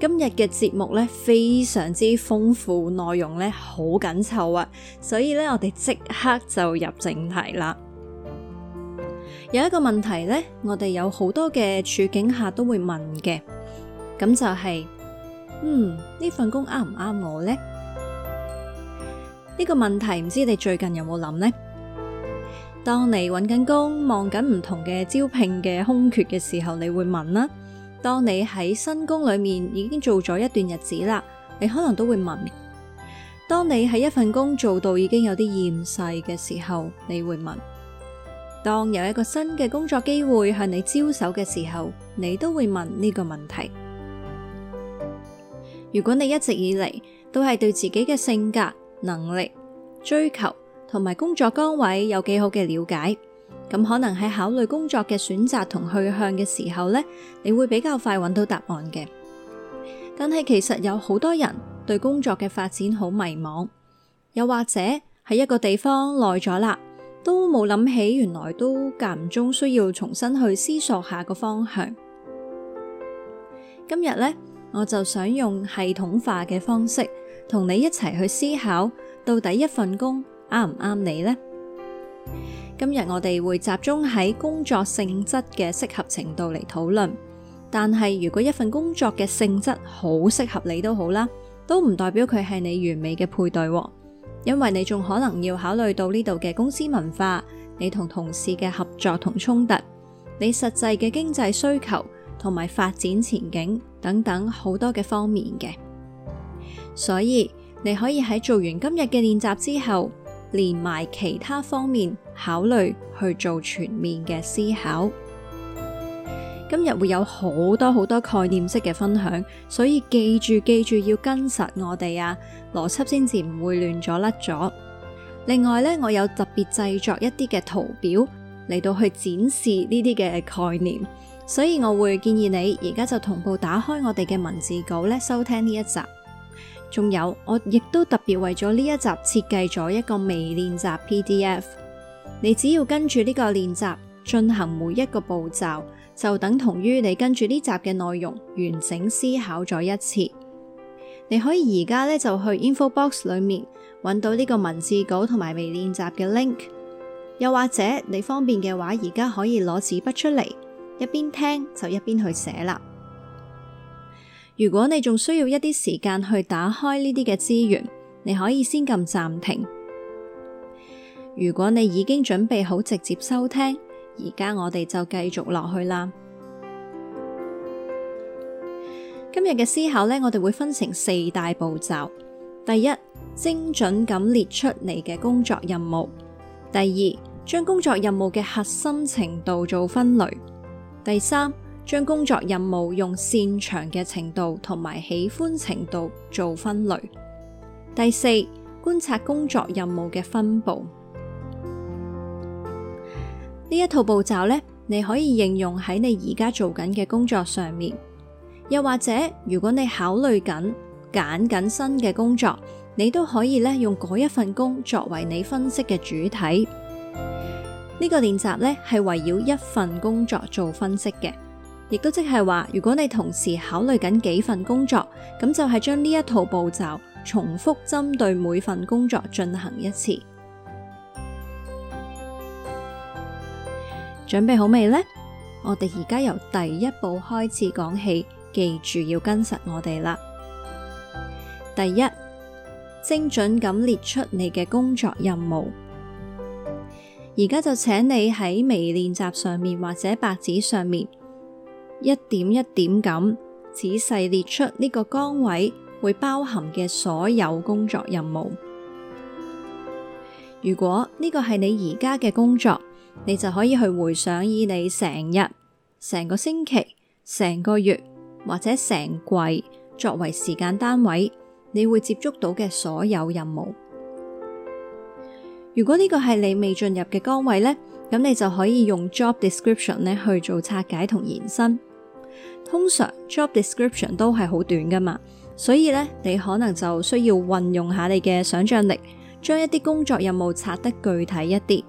今日嘅節目咧，非常之豐富，內容咧，好緊湊啊，所以咧，我哋即刻就入正題啦。 有一個問題咧，我哋有好多嘅處境下都會問嘅，咁就係，嗯，呢份工啱唔啱我呢？呢個問題唔知你最近有冇諗呢？當你揾緊工、望緊唔同嘅招聘嘅空缺嘅時候，你會問啦。當你喺新工裏面已經做咗一段日子啦，你可能都會問；當你喺一份工做到已經有啲厭世嘅時候，你會問；當有一個新嘅工作機會向你招手嘅時候，你都會問呢個問題。如果你一直以嚟都係對自己嘅性格、能力、追求同埋工作崗位有幾好嘅了解。咁可能喺考慮工作嘅選擇同去向嘅時候呢，你會比較快揾到答案嘅。但係其實有好多人對工作嘅發展好迷茫，又或者喺一個地方耐咗啦，都冇諗起原來都間唔中需要重新去思索下個方向。今日呢，我就想用系統化嘅方式同你一齊去思考，到底一份工啱唔啱你呢？今日我哋會集中喺工作性質嘅適合程度嚟討論，但係如果一份工作嘅性質好適合你都好啦，都唔代表佢係你完美嘅配對喎，因為你仲可能要考慮到呢度嘅公司文化、你同同事嘅合作同衝突、你實際嘅經濟需求同埋發展前景等等好多嘅方面嘅，所以你可以喺做完今日嘅練習之後，連埋其他方面考慮去做全面嘅思考。今日會有好多好多概念式嘅分享，所以記住記住要跟實我哋啊，邏輯先至唔會亂咗甩咗。另外呢，我有特別製作一啲嘅圖表嚟到去展示呢啲嘅概念，所以我會建議你而家就同步打開我哋嘅文字稿咧，收聽呢一集。仲有，我亦都特別為咗呢一集設計咗一個微練習 PDF。你只要跟住呢個練習進行每一個步驟，就等同於你跟住呢集嘅內容完整思考咗一次。你可以而家呢就去 info box 裏面搵到呢個文字稿同埋微練習嘅 link，又或者你方便嘅話，而家可以攞紙筆出嚟，一邊聽就一邊去寫啦。如果你仲需要一啲時間去打開呢啲嘅資源，你可以先撳暫停。如果你已經準備好直接收聽，而家我哋就繼續落去啦。今日嘅思考呢，我哋會分成四大步驟：第一，精準咁列出你嘅工作任務；第二，將工作任務嘅核心程度做分類；第三。將工作任務用擅長嘅程度同埋喜歡程度做分類。第四，觀察工作任務嘅分佈。呢一套步驟咧，你可以應用喺你而家做緊嘅工作上面，又或者如果你考慮緊揀緊新嘅工作，你都可以咧用嗰一份工作作為你分析嘅主體。呢個練習咧係圍繞一份工作做分析嘅。亦都即係話，如果你同時考慮緊幾份工作，咁就係將呢一套步驟重複針對每份工作進行一次。 準備好未呢？我哋而家由第一步開始講起，記住要跟實我哋啦。第一，精準咁列出你嘅工作任務。而家就請你喺微練習上面或者白紙上面。一點一點咁仔細列出呢個崗位會包含嘅所有工作任務。如果呢個係你而家嘅工作，你就可以去回想以你成日、成個星期、成個月或者成季作為時間單位，你會接觸到嘅所有任務。如果呢個係你未進入嘅崗位呢，咁你就可以用 job description 呢去做拆解同延伸。通常 job description 都係好短噶嘛，所以咧你可能就需要運用下你嘅想象力，將一啲工作任務拆得具體一啲。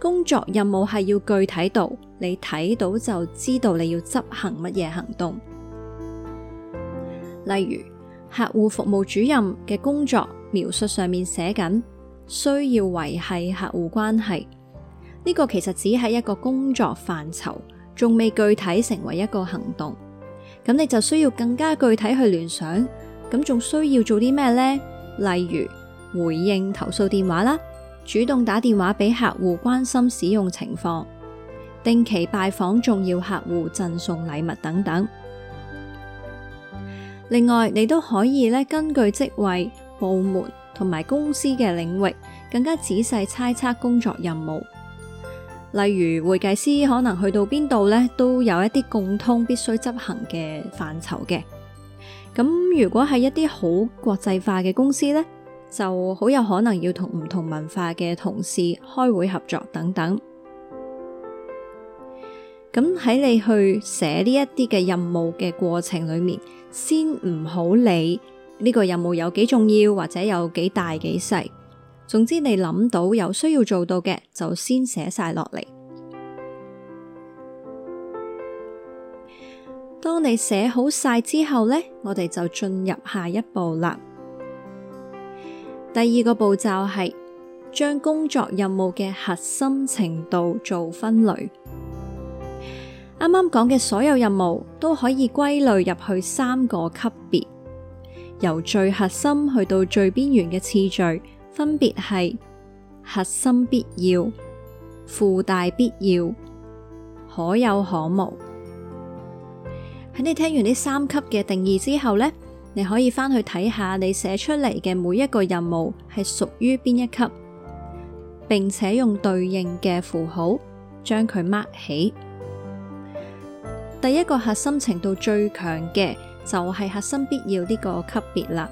工作任務係要具體到你睇到就知道你要執行乜嘢行動。例如客戶服務主任嘅工作描述上面寫緊需要維繫客戶關係，呢個其實只係一個工作範疇。仲未具體成為一個行動，咁你就需要更加具體去聯想，咁仲需要做啲咩呢？例如回應投訴電話啦，主動打電話俾客戶關心使用情況，定期拜訪重要客戶，贈送禮物等等。另外，你都可以咧根據職位、部門同埋公司嘅領域，更加仔細猜測工作任務。例如會計師可能去到邊度咧，都有一啲共通必須執行嘅範疇嘅。咁如果係一啲好國際化嘅公司咧，就好有可能要同唔同文化嘅同事開會合作等等。咁喺你去寫呢一啲嘅任務嘅過程裏面，先唔好理呢個任務有幾重要，或者有幾大幾細。總之，你諗到有需要做到嘅，就先寫晒落嚟。當你寫好晒之後呢，我哋就進入下一步啦。第二個步驟係將工作任務嘅核心程度做分類。啱啱講嘅所有任務都可以歸類入去三個級別，由最核心去到最邊緣嘅次序。分別係核心必要、附帶必要、可有可無。喺你聽完呢三級嘅定義之後呢，你可以翻去睇下你寫出嚟嘅每一個任務係屬於邊一級，並且用對應嘅符號將佢 mark 起。第一個核心程度最強嘅就係核心必要呢個級別啦，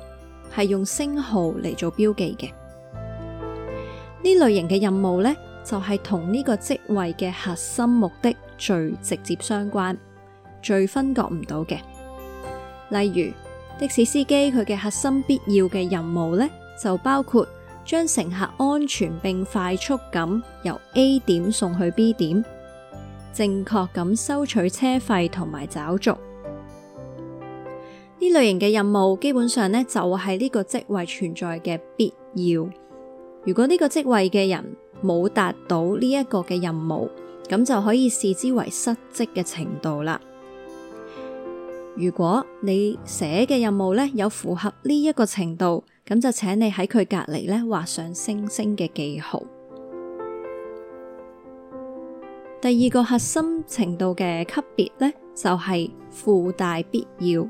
係用星號嚟做標記嘅。呢類型嘅任務呢，就係同呢個職位嘅核心目的最直接相關、最分割唔到嘅。例如，的士司機佢嘅核心必要嘅任務呢，就包括將乘客安全並快速咁由 A 點送去 B 點，正確咁收取車費同埋找續。呢類型嘅任務基本上呢，就係呢個職位存在嘅必要。如果呢個職位嘅人冇達到呢一個嘅任務，咁就可以視之為失職嘅程度啦。如果你寫嘅任務呢，有符合呢一個程度，咁就請你喺佢隔籬呢畫上星星嘅記號。第二個核心程度嘅級別呢，就係、是、附帶必要，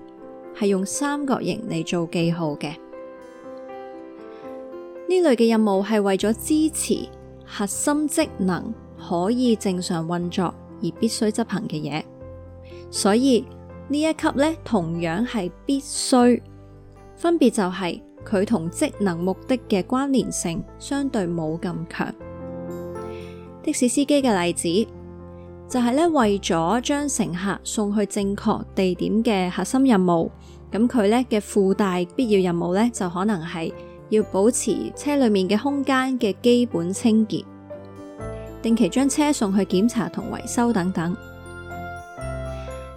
係用三角形嚟做記號嘅。呢類嘅任務係為咗支持核心職能可以正常運作而必須執行嘅嘢，所以呢一級咧，同樣係必須，分別就係佢同職能目的嘅關聯性相對冇咁強。的士司機嘅例子就係咧，為咗將乘客送去正確地點嘅核心任務，咁佢咧嘅附帶必要任務咧就可能係。要保持車裏面嘅空間嘅基本清潔，定期將車送去檢查同維修等等。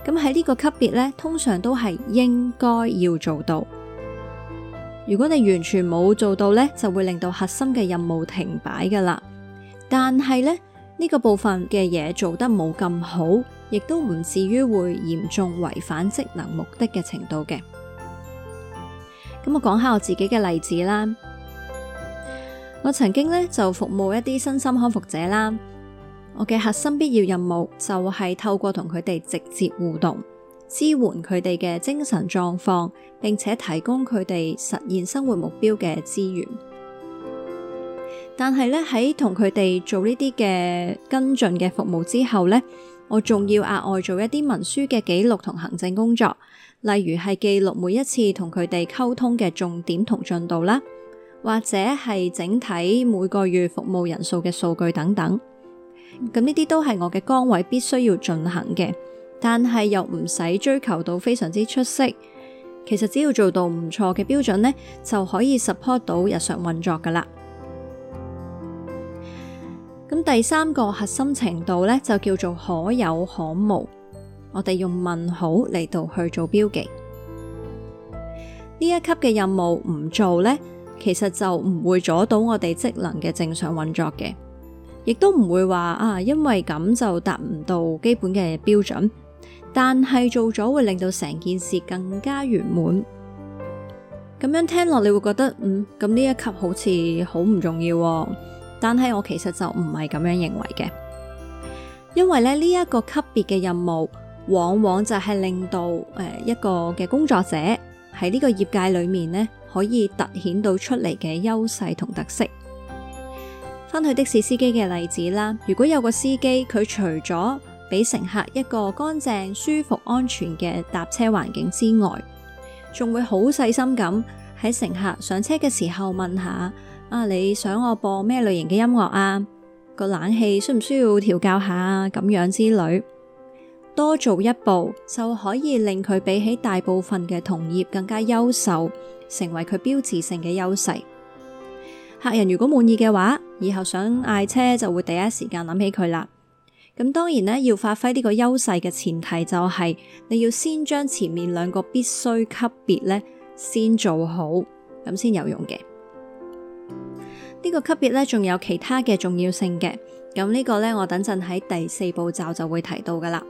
咁喺呢個級別呢，通常都係應該要做到。如果你完全冇做到呢，就會令到核心嘅任務停擺噶啦。但係呢，呢個部分嘅嘢做得冇咁好，亦都唔至於會嚴重違反職能目的嘅程度嘅。咁我講下我自己嘅例子啦。我曾經咧就服務一啲身心康復者啦。我嘅核心必要任務就係透過同佢哋直接互動，支援佢哋嘅精神狀況，並且提供佢哋實現生活目標嘅資源。但係咧，喺同佢哋做呢啲嘅跟進嘅服務之後咧，我仲要額外做一啲文書嘅記錄同行政工作。例如係記錄每一次同佢哋溝通嘅重點同進度啦，或者係整體每個月服務人數嘅數據等等。咁呢啲都係我嘅崗位必須要進行嘅，但係又唔使追求到非常之出色。其實只要做到唔錯嘅標準呢，就可以 support 到日常運作噶啦。咁第三個核心程度呢，就叫做可有可無。我哋用問號嚟到去做標記，呢一級嘅任務唔做呢，其實就唔會阻到我哋職能嘅正常運作嘅，亦都唔會話啊，因為咁就達唔到基本嘅標準。但係做咗會令到成件事更加圓滿。咁樣聽落你會覺得，嗯，咁呢一級好似好唔重要哦。但係我其實就唔係咁樣認為嘅，因為咧呢一個級別嘅任務。往往就係令到誒、呃、一個嘅工作者喺呢個業界裏面呢，可以凸顯到出嚟嘅優勢同特色。返去的士司機嘅例子啦，如果有個司機佢除咗俾乘客一個乾淨、舒服、安全嘅搭車環境之外，仲會好細心咁喺乘客上車嘅時候問下：啊，你想我播咩類型嘅音樂啊？個冷氣需唔需要調校下啊？咁樣之類。多做一步就可以令佢比起大部分嘅同業更加優秀，成為佢標誌性嘅優勢。客人如果滿意嘅話，以後想嗌車就會第一時間諗起佢啦。咁當然咧，要發揮呢個優勢嘅前提就係你要先將前面兩個必須級別咧先做好，咁先有用嘅。呢個級別咧仲有其他嘅重要性嘅，咁呢個咧我等陣喺第四步驟就會提到噶啦。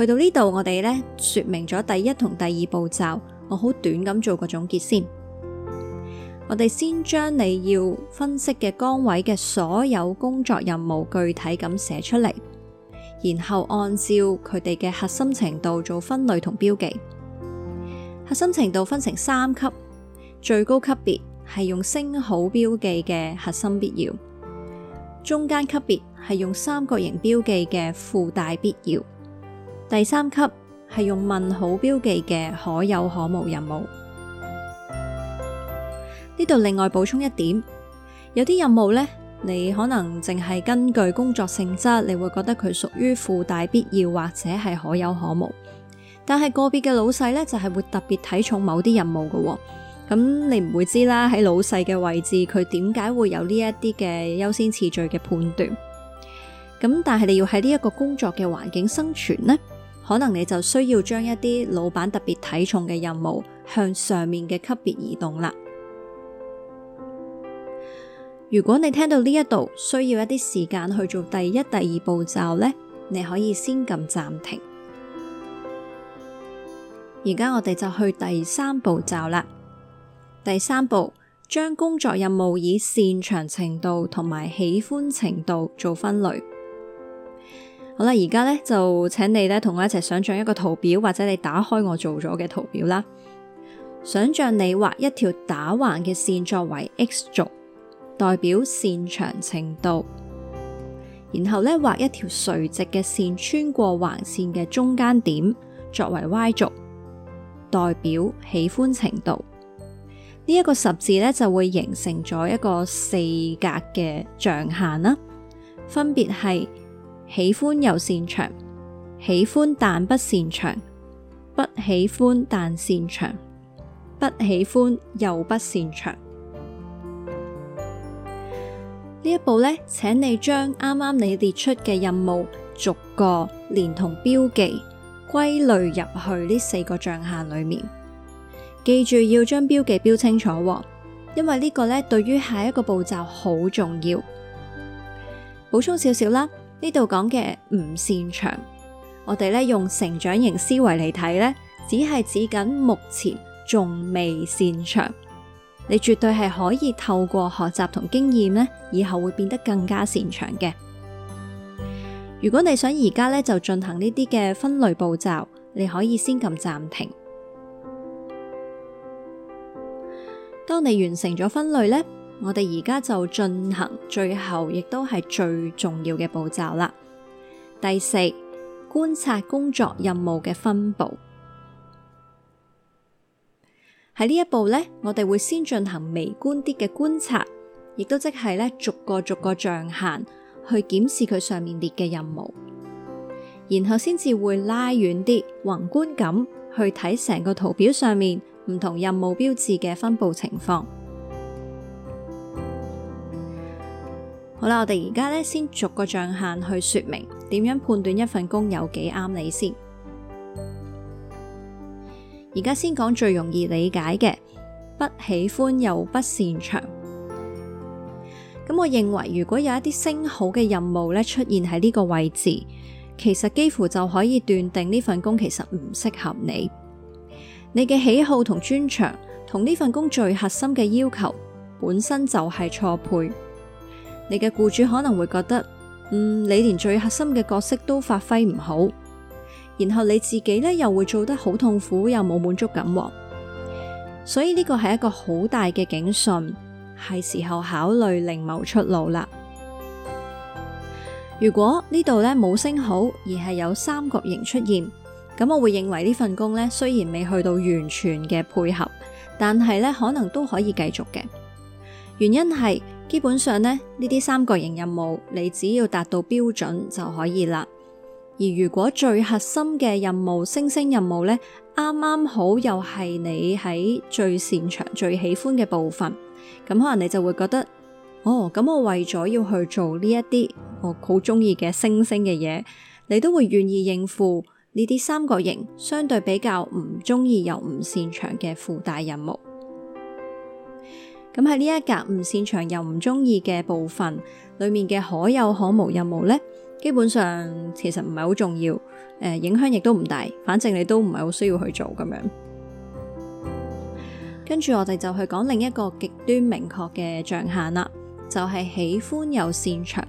去到呢度，我哋呢說明咗第一同第二步驟。我好短咁做個總結先。我哋先將你要分析嘅崗位嘅所有工作任務具體咁寫出嚟，然後按照佢哋嘅核心程度做分類同標記。核心程度分成三級，最高級別係用星號標記嘅核心必要，中間級別係用三角形標記嘅附帶必要。第三級係用問號標記嘅可有可無任務。呢度，另外補充一點，有啲任務呢，你可能淨係根據工作性質，你會覺得佢屬於附帶必要或者係可有可無。但係個別嘅老細呢，就係、是、會特別睇重某啲任務嘅、哦。咁你唔會知啦，喺老細嘅位置，佢點解會有呢一啲嘅優先次序嘅判斷？咁但係你要喺呢一個工作嘅環境生存呢？可能你就需要將一啲老闆特別睇重嘅任務向上面嘅級別移動啦。如果你聽到呢一度需要一啲時間去做第一、第二步驟呢，你可以先撳暫停。而家我哋就去第三步驟啦。第三步，將工作任務以擅長程度同埋喜歡程度做分類。好啦，而家咧就請你咧同我一齊想象一個圖表，或者你打開我做咗嘅圖表啦。想象你畫一條打橫嘅線作為 x 軸，代表線長程度；然後咧畫一條垂直嘅線穿過橫線嘅中間點，作為 y 軸，代表喜歡程度。呢一個十字咧就會形成咗一個四格嘅象限啦，分別係。喜歡又擅長，喜歡但不擅長，不喜歡但擅長，不喜歡又不擅長。呢一步呢，請你將啱啱你列出嘅任務逐個連同標記歸類入去呢四個象限裏面。記住要將標記標清楚喎，因為呢個呢對於下一個步驟好重要。補充少少啦。呢度講嘅唔擅長，我哋咧用成長型思維嚟睇咧，只係指緊目前仲未擅長。你絕對係可以透過學習同經驗咧，以後會變得更加擅長嘅。如果你想而家咧就進行呢啲嘅分類步驟，你可以先撳暫停。當你完成咗分類咧。我哋而家就進行最後，亦都係最重要嘅步驟啦。第四，觀察工作任務嘅分布。喺呢一步呢，我哋會先進行微觀啲嘅觀察，亦都即係呢，逐個逐個象限去檢視佢上面列嘅任務，然後先至會拉遠啲，宏觀咁去睇成個圖表上面唔同任務標誌嘅分佈情況。好啦，我哋而家咧先逐個象限去說明點樣判斷一份工有幾啱你先。而家先講最容易理解嘅，不喜歡又不擅長。咁我認為，如果有一啲升好嘅任務咧出現喺呢個位置，其實幾乎就可以斷定呢份工其實唔適合你。你嘅喜好同專長同呢份工最核心嘅要求本身就係錯配。你嘅僱主可能會覺得，嗯，你連最核心嘅角色都發揮唔好，然後你自己咧又會做得好痛苦又冇滿足感，哦，所以呢個係一個好大嘅警訊，係時候考慮另謀出路啦。如果呢度咧冇升好，而係有三角形出現，咁我會認為呢份工咧雖然未去到完全嘅配合，但係咧可能都可以繼續嘅，原因係。基本上呢，呢啲三角形任務你只要達到標準就可以啦。而如果最核心嘅任務星星任務呢，啱啱好又係你喺最擅長、最喜歡嘅部分，咁可能你就會覺得，哦，咁我為咗要去做呢一啲我好中意嘅星星嘅嘢，你都會願意應付呢啲三角形相對比較唔中意又唔擅長嘅附帶任務。咁喺呢一格唔擅長又唔中意嘅部分，裏面嘅可有可無任務呢，基本上其實唔係好重要，誒、呃、影響亦都唔大，反正你都唔係好需要去做咁樣。跟住我哋就去講另一個極端明確嘅象限啦，就係、是、喜歡又擅長。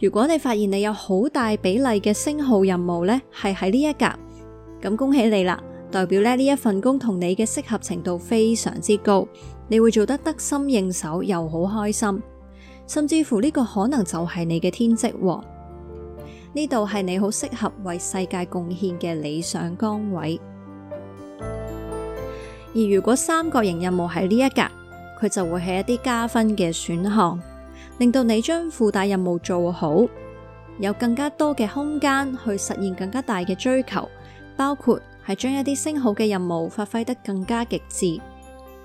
如果你發現你有好大比例嘅星號任務呢，係喺呢一格，咁恭喜你啦！代表呢，呢一份工同你嘅適合程度非常之高，你會做得得心應手，又好開心，甚至乎呢個可能就係你嘅天職喎。呢度係你好適合為世界貢獻嘅理想崗位。而如果三角形任務喺呢一格，佢就會係一啲加分嘅選項，令到你將附帶任務做好，有更加多嘅空間去實現更加大嘅追求，包括。係將一啲升好嘅任務發揮得更加極致，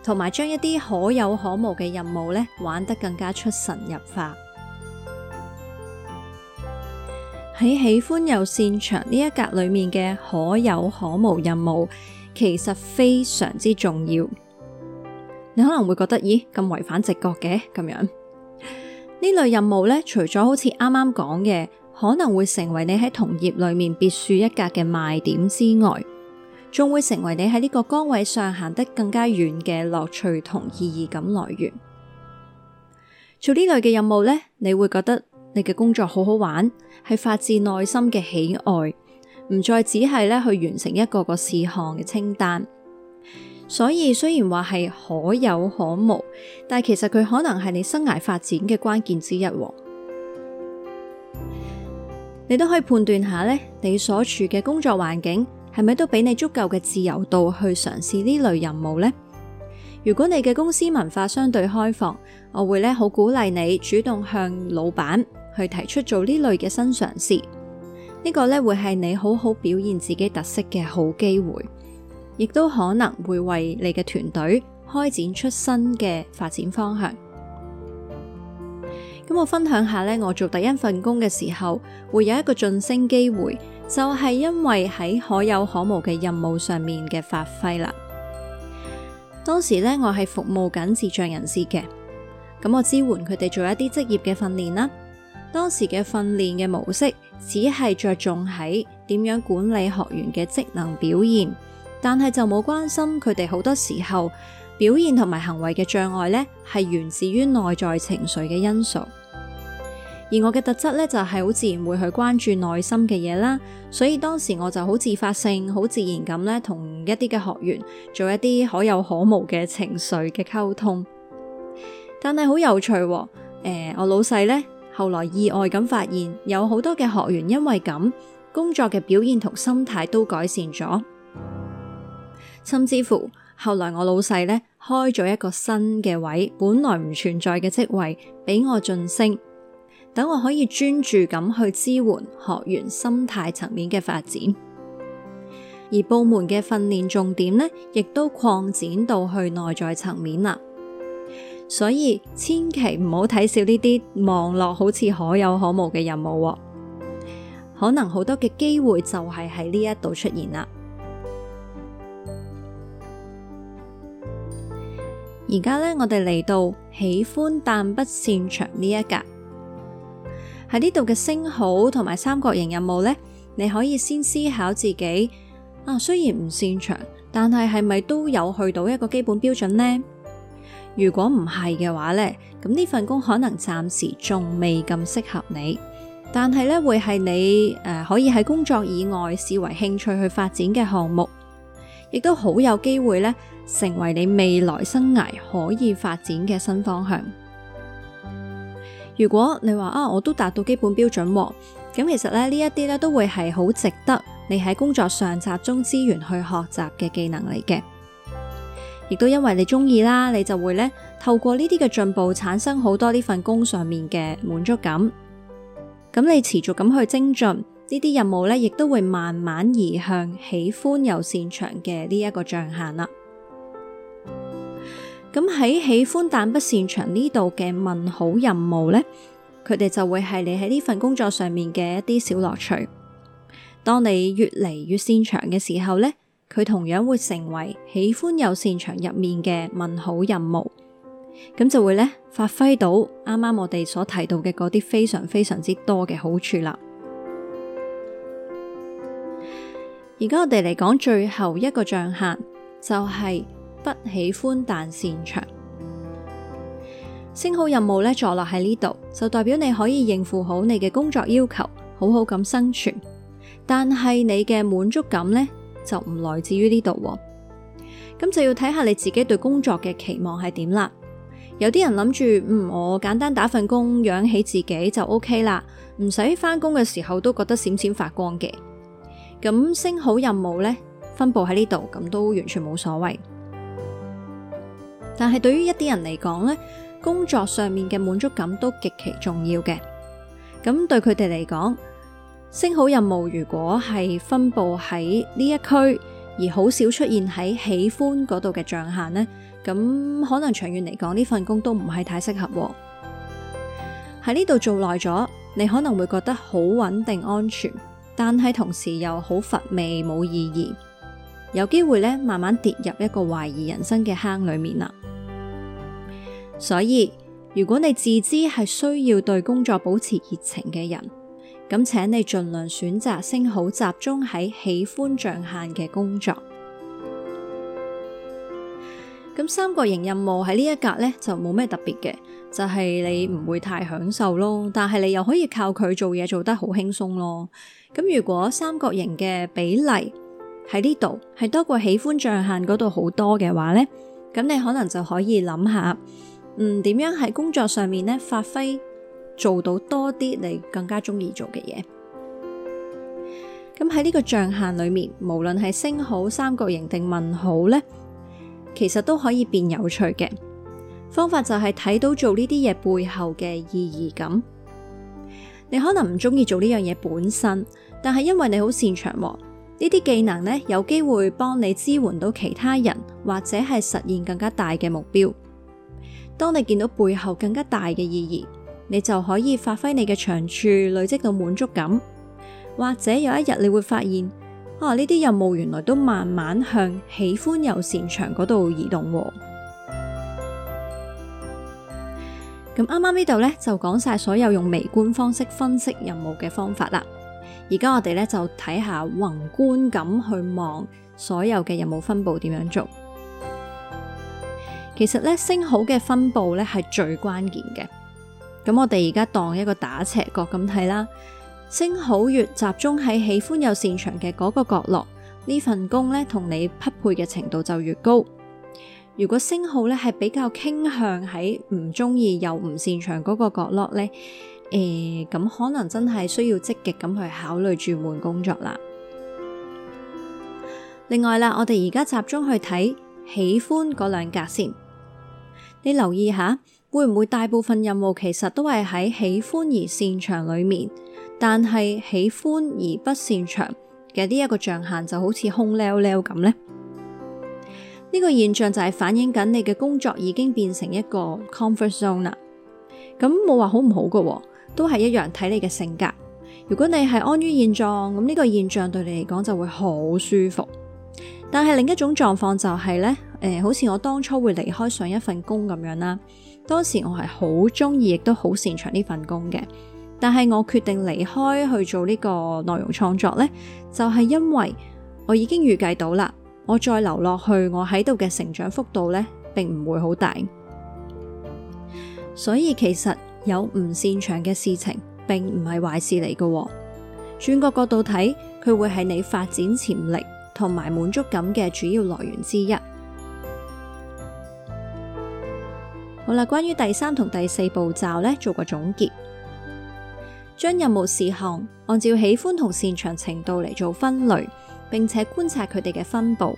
同埋將一啲可有可無嘅任務呢玩得更加出神入化。喺 喜歡又擅長呢一格裏面嘅可有可無任務，其實非常之重要。你可能會覺得，咦咁違反直覺嘅咁樣呢 類任務呢，除咗好似啱啱講嘅，可能會成為你喺同業裏面別樹一格嘅賣點之外，仲會成為你喺呢個崗位上行得更加遠嘅樂趣同意義感來源。做呢類嘅任務呢，你會覺得你嘅工作好好玩，係發自內心嘅喜愛，唔再只係呢去完成一個個事項嘅清單。所以雖然話係可有可無，但其實佢可能係你生涯發展嘅關鍵之一。你都可以判斷下呢，你所處嘅工作環境。係咪都俾你足夠嘅自由度去嘗試呢類任務呢？如果你嘅公司文化相對開放，我會咧，好鼓勵你主動向老板去提出做呢類嘅新嘗試。呢個咧，會係你好好表現自己特色嘅好機會，亦都可能會為你嘅團隊開展出新嘅發展方向。咁我分享下咧，我做第一份工嘅時候會有一個晉升機會。就係因為喺可有可無嘅任務上面嘅發揮啦。當時呢，我係服務緊智障人士嘅，咁我支援佢哋做一啲職業嘅訓練啦。當時嘅訓練嘅模式只係着重喺點樣管理學員嘅職能表現，但係就冇關心佢哋好多時候表現同埋行為嘅障礙呢，係源自於內在情緒嘅因素。而我嘅特質咧，就係、是、好自然會去關注內心嘅嘢啦，所以當時我就好自發性、好自然咁咧，同一啲嘅學員做一啲可有可無嘅情緒嘅溝通。但係好有趣、哦，誒、呃，我老細咧後來意外咁發現，有好多嘅學員因為咁，工作嘅表現同心態都改善咗，甚至乎後來我老細咧開咗一個新嘅位，本來唔存在嘅職位俾我晉升。等我可以專注咁去支援學員心態層面嘅發展，而部門嘅訓練重點呢亦都擴展到去內在層面啦。所以千祈唔好睇少呢啲網絡好似可有可無嘅任務。哦，可能好多嘅機會就係喺呢一度出現啦。而家呢，我哋嚟到喜歡但不擅長呢一格。喺呢度嘅星號同埋三角形任務呢，你可以先思考自己啊，雖然唔擅長，但係係咪都有去到一個基本標準呢？如果唔係嘅話呢，咁呢份工可能暫時仲未咁適合你，但係呢會係你誒、呃、可以喺工作以外視為興趣去發展嘅項目，亦都好有機會呢，成為你未來生涯可以發展嘅新方向。如果你話啊，我都達到基本標準喎，咁其實咧呢一啲咧都會係好值得你喺工作上集中資源去學習嘅技能嚟嘅，亦都因為你中意啦，你就會咧透過呢啲嘅進步產生好多呢份工上面嘅滿足感，咁你持續咁去精進呢啲任務咧，亦都會慢慢移向喜歡又擅長嘅呢一個象限啦。咁喺喜歡但不擅長呢度嘅問好任務呢，佢哋就會係你喺呢份工作上面嘅一啲小樂趣。當你越嚟越擅長嘅時候呢，佢同樣會成為喜歡又擅長入面嘅問好任務，咁就會呢發揮到啱啱我哋所提到嘅嗰啲非常非常之多嘅好處啦。而家我哋嚟講最後一個象限就係、是。不喜歡但擅長星號任務咧，坐落喺呢度就代表你可以應付好你嘅工作要求，好好咁生存。但係你嘅滿足感呢，就唔來自於呢度喎，咁就要睇下你自己對工作嘅期望係點啦。有啲人諗住，嗯，我簡單打份工養起自己就 OK 啦，唔使返工嘅時候都覺得閃閃發光嘅。咁星號任務呢，分布喺呢度，咁都完全冇所謂。但係對於一啲人嚟講咧，工作上面嘅滿足感都極其重要嘅。咁對佢哋嚟講，升好任務如果係分布喺呢一區，而好少出現喺喜歡嗰度嘅象限呢，咁可能長遠嚟講，呢份工都唔係太適合。喺呢度做耐咗，你可能會覺得好穩定安全，但係同時又好乏味，冇意義。有機會咧，慢慢跌入一個懷疑人生嘅坑裏面啦。所以，如果你自知係需要對工作保持熱情嘅人，咁請你盡量選擇升好集中喺喜歡象限嘅工作。咁三角形任務喺呢一格咧就冇咩特別嘅，就係你唔會太享受咯，但係你又可以靠佢做嘢做得好輕鬆咯。咁如果三角形嘅比例，喺呢度係多過喜歡象限嗰度好多嘅話呢。咁你可能就可以諗下，嗯，點樣喺工作上面呢發揮，做到多啲你更加中意做嘅嘢。咁喺呢個象限裏面，無論係星號三角形，定問號呢，其實都可以變有趣嘅。方法就係睇到做呢啲嘢背後嘅意義感。你可能唔中意做呢樣嘢本身，但係因為你好擅長喎。呢啲技能呢，有機會幫你支援到其他人，或者係實現更加大嘅目標。當你見到背後更加大嘅意義，你就可以發揮你嘅長處，累積到滿足感。或者有一日你會發現，哦、啊，呢啲任務原來都慢慢向喜歡又擅長嗰度移動。咁啱啱呢度呢，就講晒所有用微觀方式分析任務嘅方法啦。而家我哋咧就睇下宏觀咁去望所有嘅任務分佈點樣做。其實咧，星號嘅分布咧係最關鍵嘅。咁我哋而家當一個打斜角咁睇啦，星號越集中喺喜歡又擅長嘅嗰個角落，呢份工咧同你匹配嘅程度就越高。如果星號咧係比較傾向喺唔中意又唔擅長嗰個角落咧，誒，咁、欸、可能真係需要積極咁去考慮轉換工作啦。另外啦，我哋而家集中去睇喜歡嗰兩格先。你留意下，會唔會大部分任務其實都係喺喜歡而擅長裏面，但係喜歡而不擅長嘅呢一個象限就好似空溜溜咁呢？呢、這個現象就係反映緊你嘅工作已經變成一個 comfort zone 啦。咁冇話好唔好嘅、哦。都係一樣睇你嘅性格。如果你係安於現狀，咁呢個現象對你嚟講就會好舒服。但係另一種狀況就係咧，誒、呃，好似我當初會離開上一份工咁樣啦。當時我係好中意，亦都好擅長呢份工嘅。但係我決定離開去做呢個內容創作咧，就係因為我已經預計到啦，我再留落去，我喺度嘅成長幅度咧，並唔會好大。所以其實。有唔擅長嘅事情，並唔係壞事嚟嘅。轉個角，角度睇，佢會係你發展潛力同埋滿足感嘅主要來源之一。好啦，關於第三同第四步驟呢，做個總結。將任務事項按照喜歡同擅長程度嚟做分類，並且觀察佢哋嘅分布，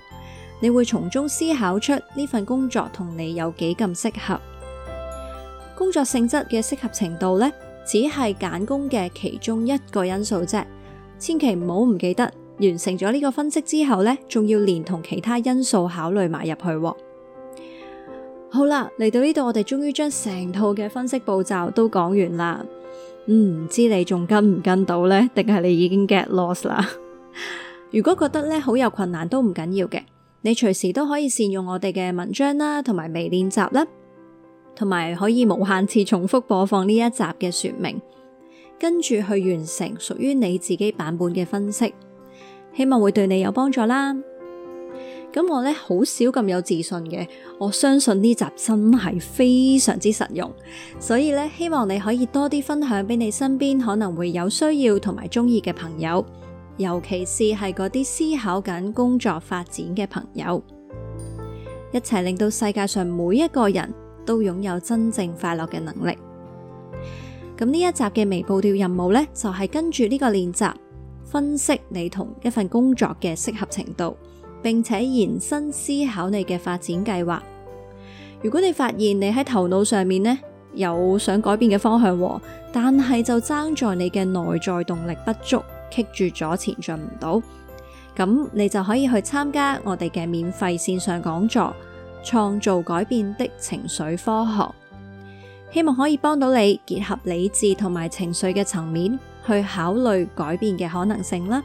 你會從中思考出呢份工作同你有幾咁適合。工作性質嘅適合程度咧，只係揀工嘅其中一個因素啫。千祈唔好唔記得，完成咗呢個分析之後咧，仲要連同其他因素考慮埋入去哦。好啦，嚟到呢度，我哋終於將成套嘅分析步驟都講完啦。嗯、唔知你仲跟唔跟到咧，定係你已經 get lost 啦？ 如果覺得咧好有困難，都唔緊要嘅，你隨時都可以善用我哋嘅文章啦，同埋微練習啦。同埋可以無限次重複播放呢一集嘅說明，跟住去完成屬於你自己版本嘅分析，希望會對你有幫助啦。咁我呢，好少咁有自信嘅，我相信呢集真係非常之實用，所以呢，希望你可以多啲分享俾你身邊可能會有需要同埋中意嘅朋友，尤其是係嗰啲思考緊工作發展嘅朋友，一齊令到世界上每一個人，都擁有真正快樂嘅能力。咁呢一集嘅微步調任務呢，就係跟住呢個練習，分析你同一份工作嘅適合程度，並且延伸思考你嘅發展計劃。如果你發現你喺頭腦上面呢，有想改變嘅方向，但係就爭在你嘅內在動力不足，棘住咗前進唔到，咁你就可以去參加我哋嘅免費線上講座。創造改變的情緒科學，希望可以幫到你結合理智同埋情緒嘅層面去考慮改變嘅可能性啦。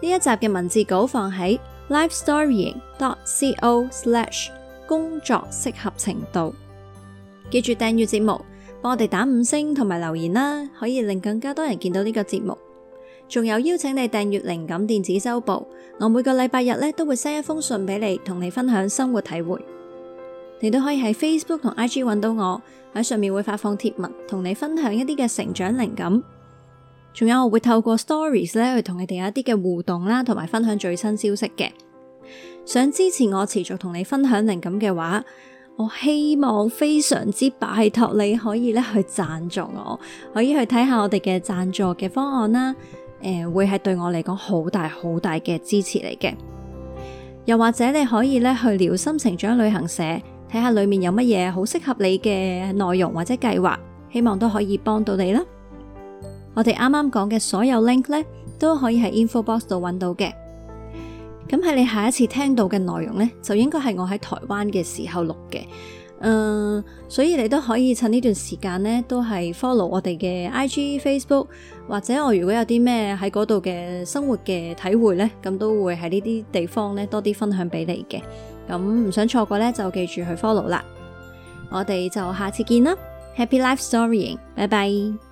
呢一集嘅文字稿放喺 livestorying.co slash 工作適合程度，記住訂閱節目，幫我哋打五星同埋留言啦，可以令更加多人見到呢個節目。仲有邀請你訂閱靈感電子周報，我每個禮拜日咧都會寫一封信俾你，同你分享生活體會。你都可以喺 Facebook 同 IG 揾到我，喺上面會發放貼文，同你分享一啲嘅成長靈感。仲有我會透過 Stories 咧去同你哋有一啲嘅互動啦，同埋分享最新消息嘅。想支持我持續同你分享靈感嘅話，我希望非常之拜託你可以咧去讚助我，可以去睇下我哋嘅讚助嘅方案啦。誒，會係對我嚟講好大好大嘅支持嚟嘅。又或者你可以咧去聊心成長旅行社睇下裏面有乜嘢好適合你嘅內容或者計劃，希望都可以幫到你啦。我哋啱啱講嘅所有 link 咧都可以喺 info box 度揾到嘅。咁喺你下一次聽到嘅內容咧，就應該係我喺台灣嘅時候錄嘅。誒、嗯，所以你都可以趁呢段時間咧，都係 follow 我哋嘅 IG Facebook。或者我如果有啲咩喺嗰度嘅生活嘅體會咧，咁都會喺呢啲地方咧多啲分享俾你嘅。咁唔想錯過咧，就記住去 follow 啦。我哋就下次見啦。Happy Life Story，拜拜。